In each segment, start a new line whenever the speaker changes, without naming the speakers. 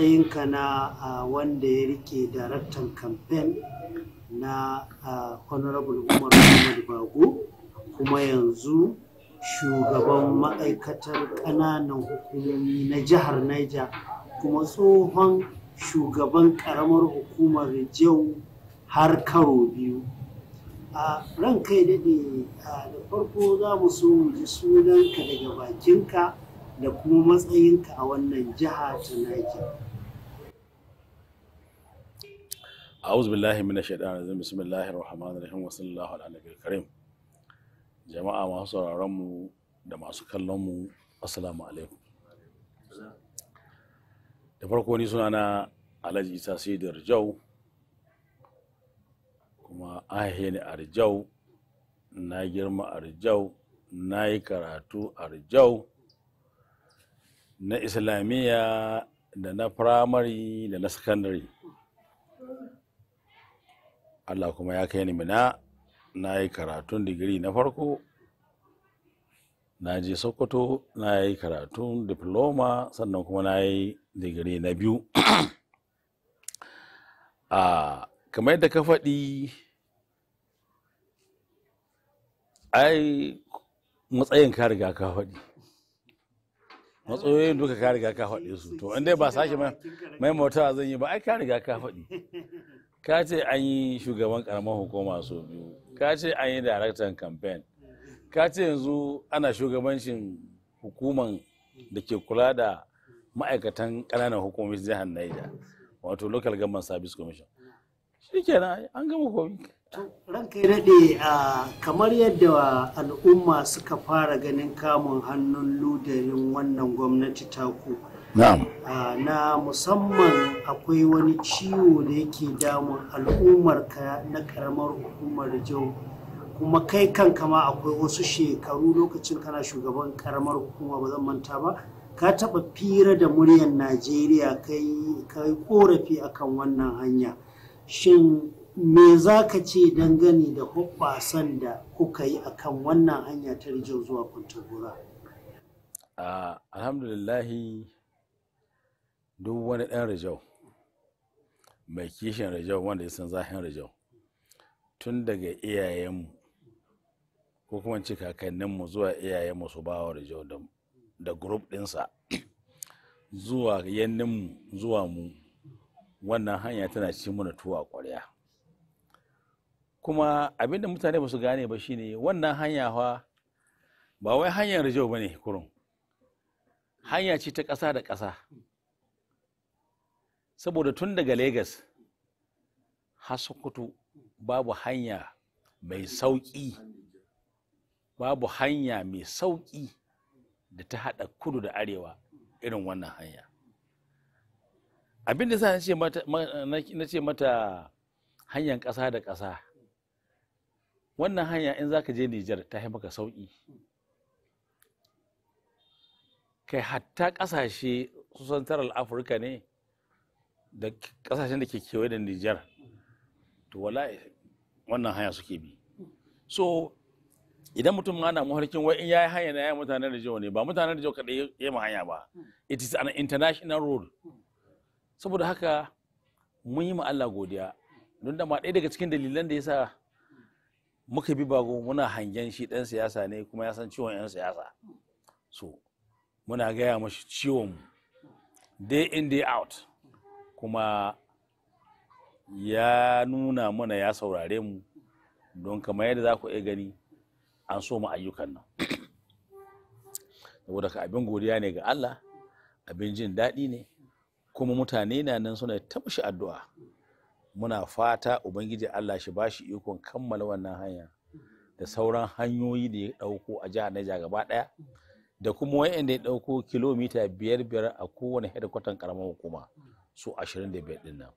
matsayinka na uh, wanda ya rike daraktan kamfen na uh, honorable umar muhammad bago kuma yanzu shugaban ma'aikatar kananan hukumomi na jihar niger kuma tsohon shugaban karamar hukumar jau har karo biyu a ran kai daɗe da farko za mu so mu ji sunanka daga bakinka da kuma matsayinka a wannan jiha ta Niger.
a'udhu billahi minash shaitanir rajim bismillahir rahmanir rahim wa sallallahu ala nabiyil karim jama'a masu sauraron mu da masu kallon mu assalamu alaikum da farko ni suna na Alhaji Isa Sidar Jau kuma ahihe ne a Rijau na girma a Rijau na yi karatu a Rijau na islamiyya da na firamare da na sakandare Allah kuma ya kai ni mina na yi karatun digiri na farko na je sokoto na yi karatun diploma sannan kuma na yi digiri na biyu a ah, kamar yadda ka faɗi ai matsayin ka riga ka faɗi matsayoyin duka ka riga ka faɗi. su to inda ba sake mai mota zan yi ba ai ka riga ka faɗi ka ce an yi shugaban karamar hukuma so biyu ka ce an yi daraktan campaign ka ce yanzu ana shugabancin hukuman da ke kula da ma'aikatan ƙananan hukumomin jihar naija
wato local government service commission
shikenan an gama komi ranka ya
daɗe kamar yadda al'umma suka fara ganin kamun hannun ludarin wannan gwamnati ta taku na musamman akwai wani ciwo da yake damun ka na karamar hukumar jau kuma kai kanka ma akwai wasu shekaru lokacin kana shugaban karamar hukuma ba zan manta ba ka taba fira da muryar najeriya kai korafi akan wannan hanya shin me za ka ce dangane da hoɓɓasan da kuka yi akan wannan hanya ta rijiyar zuwa kwantagora
alhamdulillahi duk wani ɗan rijau mai kishin rijau wanda ya san zahin rijau tun daga iyayenmu ko kuma ci kakanninmu zuwa iyayenmu su ba wa rijau da grup ɗinsa zuwa yanninmu zuwa mu wannan hanya tana ci mana tuwa ƙwarya kuma abinda mutane ba su gane ba shine wannan hanya fa ba wai hanyar rijau ba ne kurun hanya ce ta ƙasa da ƙasa saboda tun daga Legas har babu hanya mai sauƙi babu hanya mai sauƙi da ta haɗa kudu da arewa irin wannan hanya Abinda sa na ce mata hanyar ƙasa da ƙasa wannan hanya in za ka je Nijar ta maka sauƙi kai hatta ƙasashe su central afirka ne da kasashen da ke kewaye da Nijar to wala wannan hanya suke bi so idan mutum ana muharkin wai in yayi hanya na yayi mutanen jiwo ne ba mutanen jiwo kadai yayi ma hanya ba it is an international rule. saboda haka mun yi ma Allah godiya don da ma ɗaya daga cikin dalilan da yasa muka bi bago muna hangen shi ɗan siyasa ne kuma ya san ciwon 'yan siyasa so muna gaya mashi ciwon day in day out kuma ya nuna mana ya saurare mu don kamar yadda za ku iya gani an so mu ayyukan nan saboda ka abin godiya ne ga Allah abin jin daɗi ne kuma mutane na nan suna tabbashi addu'a muna fata ubangiji Allah shi ba shi ikon kammala wannan hanya da sauran hanyoyi da ya ɗauko a jihar Niger gaba ɗaya da kuma wayanda ya ɗauko kilomita biyar biyar a kowane hedikwatan karamar hukuma su 25 din nan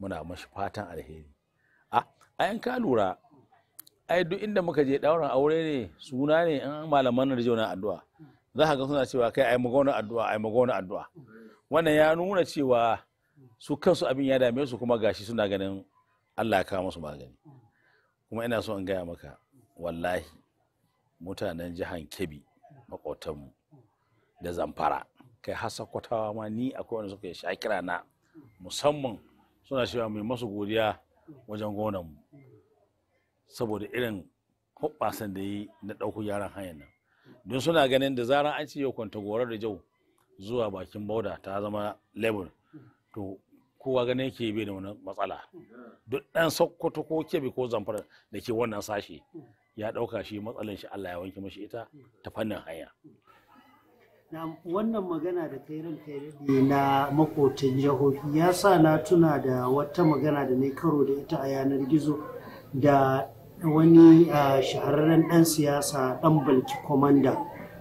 muna mashi fatan alheri a ayan ka lura ai duk inda muka je ɗaurin aure ne suna ne an malaman na na addu'a za ka ga suna cewa kai ai magana addu'a ai magana addu'a wannan ya nuna cewa su kansu abin ya dame su kuma gashi suna ganin Allah ya kawo musu magani kuma ina so in gaya maka wallahi mutanen jihar Kebbi maƙotanmu da Zamfara kai hasa kwatawa ma ni akwai wani suka sha kira na musamman suna cewa mai masu godiya wajen gonan mu saboda irin hubbasan da yi na ɗauko yaran hanyar nan don suna ganin da zaran an ce yau kwanta gorar da jau zuwa bakin bauda ta zama lebur to kowa ganin yake bai da wani matsala duk ɗan sokoto ko kebe ko zamfara da ke wannan sashe ya ɗauka shi matsalin shi allah ya wanke mashi ita ta fannin hanya
wannan magana da kai ranka ne na makotan jihohi ya sa na tuna da wata magana da na karo da ita a yanar gizo da wani shahararren ɗan siyasa ɗan balki komanda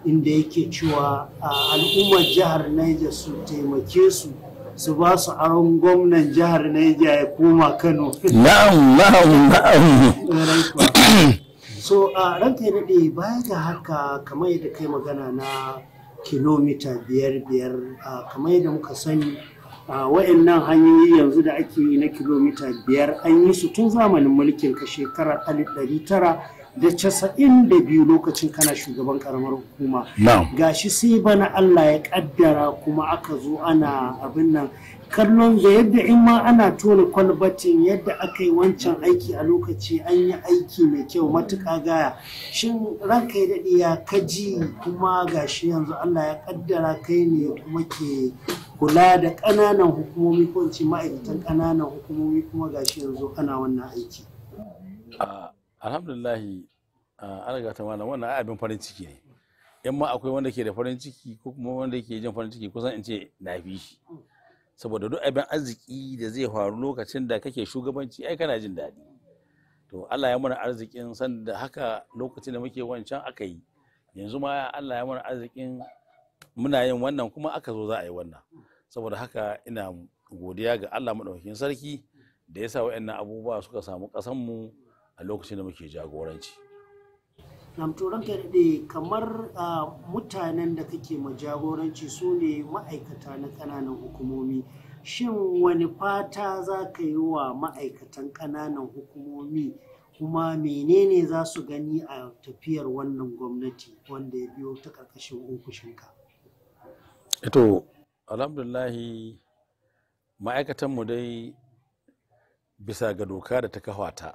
inda yake cewa al'ummar jihar Niger su taimake su su ba su aron gwamnan jihar Niger ya koma Kano. Na'am, na'am, na'am. So, ranka ya daɗe baya ga haka kamar yadda kai magana na kilomita biyar biyar kamar yadda muka sani wa'annan hanyoyi yanzu da ake yi na kilomita biyar an yi su tun zamanin mulkin ka shekarar alif da casa'in da biyu lokacin kana shugaban karamar hukuma gashi sai bana Allah ya kaddara kuma aka zo ana abin nan kallon da yadda in ma ana tona kwalbatin yadda aka yi wancan aiki a lokaci an yi aiki mai kyau matuka gaya shin ranka ya daɗe ya kaji kuma gashi yanzu Allah ya kaddara kai ne kuma ke kula da ƙananan hukumomi ko ma'aikatan ƙananan hukumomi kuma gashi yanzu ana wannan aiki ah,
alhamdulillahi an riga ta malam wannan abin farin ciki ne in ma akwai wanda ke da farin ciki ko kuma wanda ke jin farin ciki kusan in ce na fi shi saboda duk abin arziki da zai faru lokacin da kake shugabanci ai kana jin daɗi to Allah ya mana arzikin san da haka lokacin da muke wancan aka yi yanzu ma Allah ya mana arzikin muna yin wannan kuma aka zo za a yi wannan saboda haka ina godiya ga Allah maɗaukakin sarki da ya sa wa'annan abubuwa suka samu ƙasanmu mu a lokacin da muke jagoranci
turan ka daɗe kamar mutanen da kake ma jagoranci su ne ma'aikata na ƙananan hukumomi shin wani fata za ka yi wa ma'aikatan ƙananan hukumomi kuma menene za su gani a tafiyar wannan gwamnati wanda ya biyo ta ƙarƙashin ofishinka
eh to alhamdulahi ma'aikatanmu dai bisa ga doka da ta kafa ta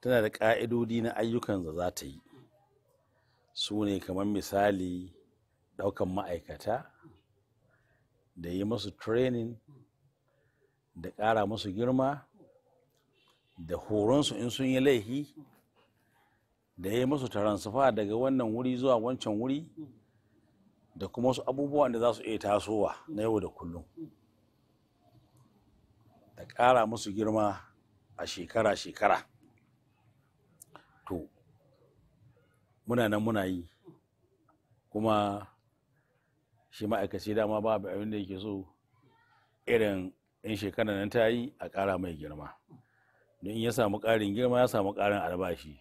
tana da ƙa'idodi na ayyukan da za ta yi su ne kamar misali ɗaukan ma'aikata da yi masu training da ƙara masu girma da horonsu in sun yi laihi da ya yi masu taransifa daga wannan wuri zuwa wancan wuri da kuma wasu abubuwan da za su iya tasowa na yau da kullum da ƙara musu girma a shekara-shekara to muna nan muna yi kuma shi ma'aikaci dama babu abin da yake so irin in shekara nan ta yi a ƙara mai girma don in ya samu ƙarin girma ya samu ƙarin albashi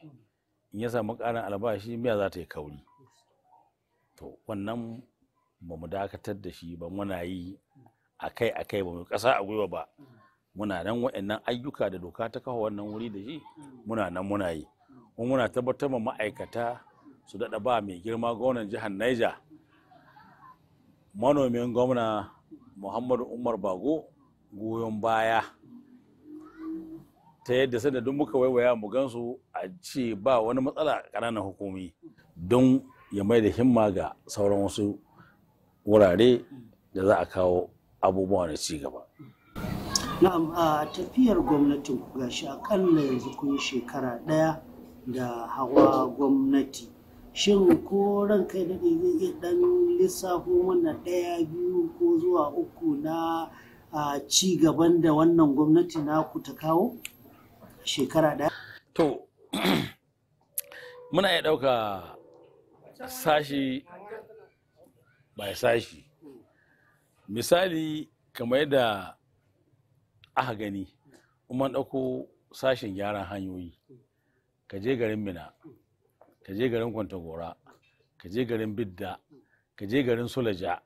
in ya samu ƙarin albashi miya za ta yi kauri to wannan ba mu dakatar da shi ba muna yi a kai a kai ba mu ƙasa a gwiwa ba muna nan nan ayyuka da doka ta kawo wannan wuri da shi muna nan muna yi kuma muna tabbatar ma ma'aikata su daɗa ba mai girma gwamnan jihar Niger manomin gwamna Muhammadu Umar Bago goyon baya ta yadda sai da duk muka waiwaya mu gansu a ce ba wani matsala ƙananan hukumi don ya mai da himma ga sauran wasu wurare da za a kawo abubuwa na ci gaba.
Na'am a tafiyar gwamnatin gashi akalla yanzu kun shekara ɗaya da hawa gwamnati shin ko ran kai daɗe zai iya ɗan lissafo mana ɗaya biyu ko zuwa uku na ci gaban da wannan gwamnati na ku ta kawo shekara ɗaya? to
muna iya ɗauka sashi bai sashi misali kamar da aka gani umar ɗauko sashen gyaran hanyoyi ka je garin mina ka je garin kwantagora ka je garin bidda ka je garin sulaja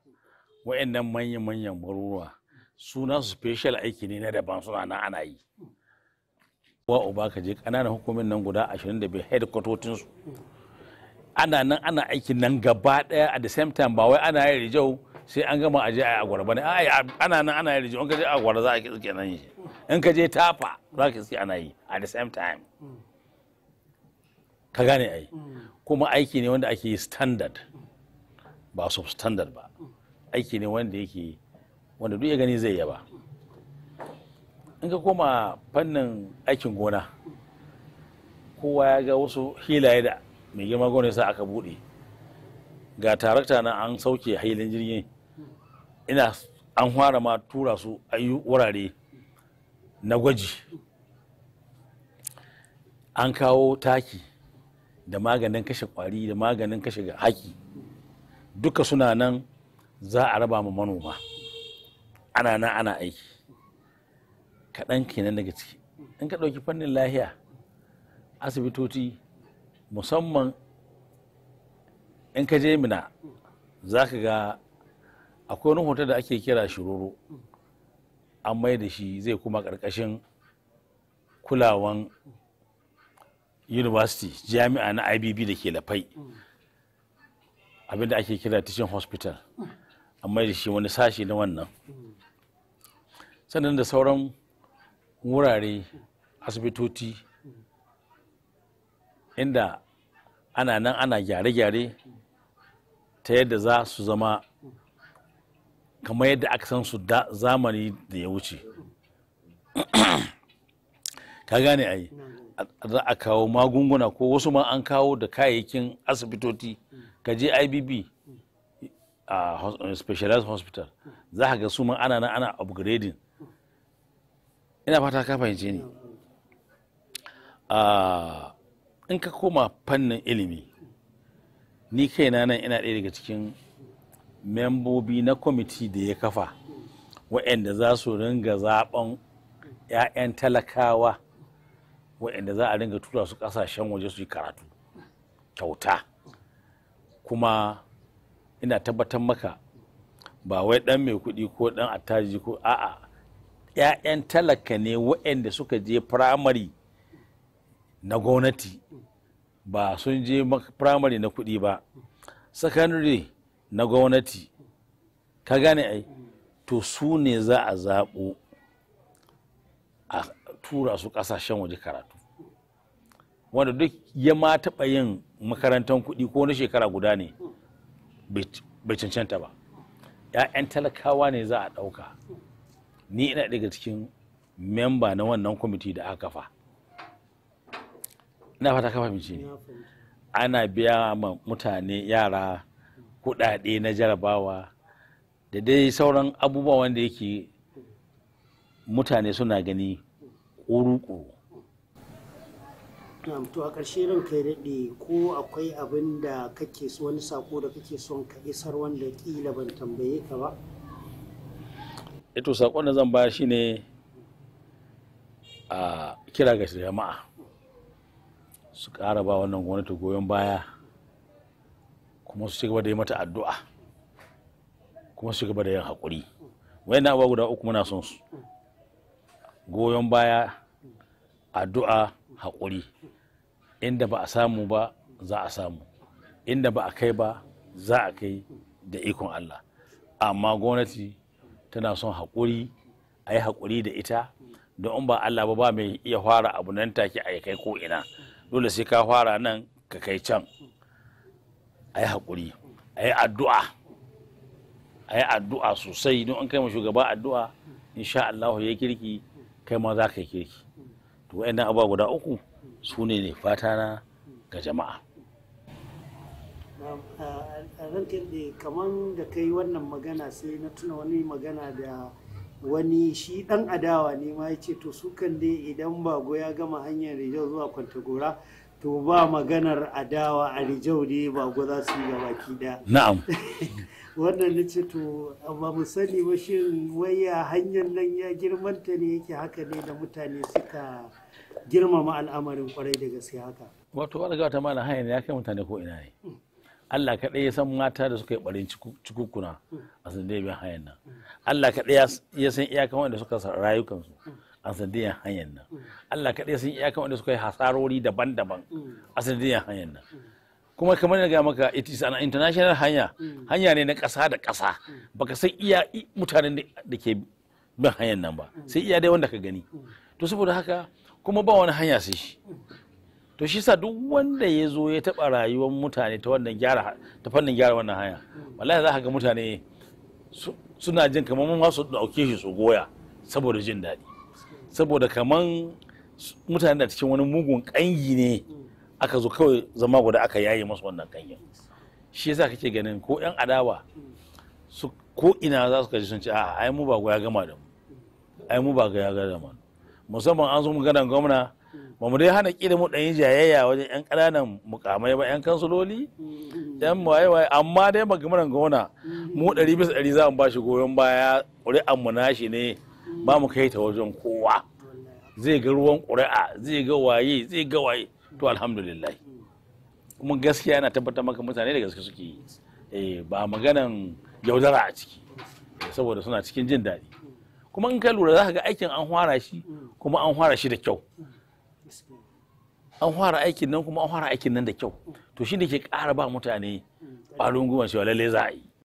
wa'annan manyan-manyan maruwa, suna su special aiki ne na daban suna nan ana yi wa uba ka je ƙananan hukumin nan guda 25 headquarters ana nan ana aiki nan gaba daya at the same time ba wai ana yi rijau sai an gama aje a agwara bane ana nan ana yi rijau in ka je agwara za a ki nan yi in ka je tafa za ka tsike ana yi at the same time ka gane ai kuma aiki ne wanda ake standard ba substandard ba aiki ne wanda yake wanda duk ya gani zai yaba in ka koma fannin aikin gona kowa ya ga wasu hilaye da mai girma gona sa aka buɗe ga tarakta na an sauke hailin jirgin ina an fara ma tura su ayu wurare na gwaji an kawo taki da maganin kashe kwari da maganin kashe haki duka suna nan za a raba ma manoma ana nan ana aiki kaɗan kenan daga ciki in ka ɗauki fannin lahiya asibitoci musamman in ka je mina za ka ga akwai wani hoton da ake kira shiroro an mai da shi zai kuma ƙarƙashin kulawan university jami'a na ibb da ke lafai abinda ake kira teaching hospital amma da shi wani sashi na wannan sannan da sauran wurare asibitoci inda ana nan ana gyare-gyare ta yadda za su zama kamar yadda aka san su da zamani da ya wuce ka gane ai za a kawo magunguna ko wasu ma an kawo da kayayyakin asibitoti ka je ibb a specialized hospital za ka ga su ma ana ana upgrading ina fata ka fahimce ni in ka koma fannin ilimi ni kaina nan ina ɗaya daga cikin membobi na kwamiti da ya kafa wa'anda za su ringa zaben 'ya'yan talakawa waɗanda za a dinga tura su ƙasashen waje su yi karatu kyauta kuma ina tabbatar maka ba wai ɗan mai kuɗi ko ɗan attaji ko a'a ‘ya'yan talaka ne waɗanda suka je firamare na gwamnati ba sun je firamare na kuɗi ba sakandare na gwamnati ka gane ai to su ne za a zaɓo a tura su ƙasashen waje karatu wanda duk ya ma taɓa yin makarantar kuɗi ko na shekara guda ne bai cancanta ba ‘ya'yan talakawa ne za a ɗauka ni ina daga cikin memba na wannan kwamiti da aka kafa ina fata kafa mace ne ana biya ma mutane yara kuɗaɗe na jarabawa da dai sauran abubuwa wanda yake mutane suna gani ƙuruƙuru
to a ƙarshe ran kai daɗe ko akwai abin da kake so wani sako da kake son ka isar wanda ƙila ban tambaye ka ba
ito eh sakon da zan baya shine a kira ga jama'a su ƙara ba wannan gwamnati goyon baya kuma su cigaba da yi mata addu'a kuma su cigaba da yin haƙuri na abubuwa guda uku muna son su goyon baya addu'a haƙuri inda ba a samu ba za a samu inda ba a kai ba za a kai da ikon Allah amma gwamnati tana son haƙuri a yi haƙuri da ita don ba Allah ba ba mai iya fara abu nan take a kai ko ina dole sai ka fara nan ka kai can a yi haƙuri a yi addu'a a yi addu'a sosai don an kai ma shugaba addu'a insha Allah ya kirki kai ma za ka yi kirki to wa'annan abuwa guda uku su ne ne fata ga jama'a
da kamar da kai wannan magana sai na tuna wani magana da wani shi dan adawa ne ma ya ce to su kan dai idan bago ya gama hanyar rijau zuwa kwantagora to ba maganar adawa a rijau ne bago za su yi gaba kida na'am wannan na ce to ba mu sani ba shin waya hanyar nan ya girmanta ne yake haka ne da mutane suka girmama al'amarin kwarai da gaske haka
wato ga wata mana hanyar ya kai mutane ko ina ne hmm. Allah kaɗai ya san mata da suka yi ɓarin cikukkuna hmm. a sandiyyar hanyar nan Allah kaɗai ya san iyakan wanda suka rayukansu a sandiyar hanyar nan Allah kaɗai ya san iyakan wanda suka yi hasarori daban-daban hmm. a sandiyar hanyar nan kuma kamar na gaya maka it is an international hanya hanya ne na ƙasa da ƙasa baka san iya mutanen da ke bin hanyar nan ba sai iya dai wanda ka gani to saboda haka kuma ba wani hanya sai shi to shi sa duk wanda ya zo ya taɓa rayuwar mutane ta wannan gyara ta fannin gyara wannan hanya wallahi za ka ga mutane suna jin kamar mun su dauke shi su goya saboda jin daɗi saboda kaman mutane da cikin wani mugun kangi ne aka zo kawai zama guda aka yaye masu wannan kangin shi yasa kake ganin ko yan adawa su ko ina za su kaji sun ce a'a ai mu ba ya gama da mu ai mu ba ya gama da mu musamman an zo maganar gwamna ba mu dai hana kira mu dan jayayya wajen 'yan ƙananan mukamai ba 'yan kansuloli 'yan waye-waye amma dai maganar gwamna mu ɗari bisa ɗari za mu ba goyon baya ƙuri'an mu nashi ne ba mu kai ta wajen kowa zai ga ruwan ƙuri'a zai ga waye zai ga waye to alhamdulillah kuma gaskiya yana tabbatar maka mutane da gaske suke yi eh, ba maganan yaudara a ciki saboda suna cikin jin daɗi kuma in ka lura za ka ga aikin an fara shi mm. kuma an fara shi da kyau mm. an fara aikin nan kuma an fara aikin nan da kyau mm. to shi ne ke ƙara ba mutane ƙwarin gwiwa cewa lallai za a yi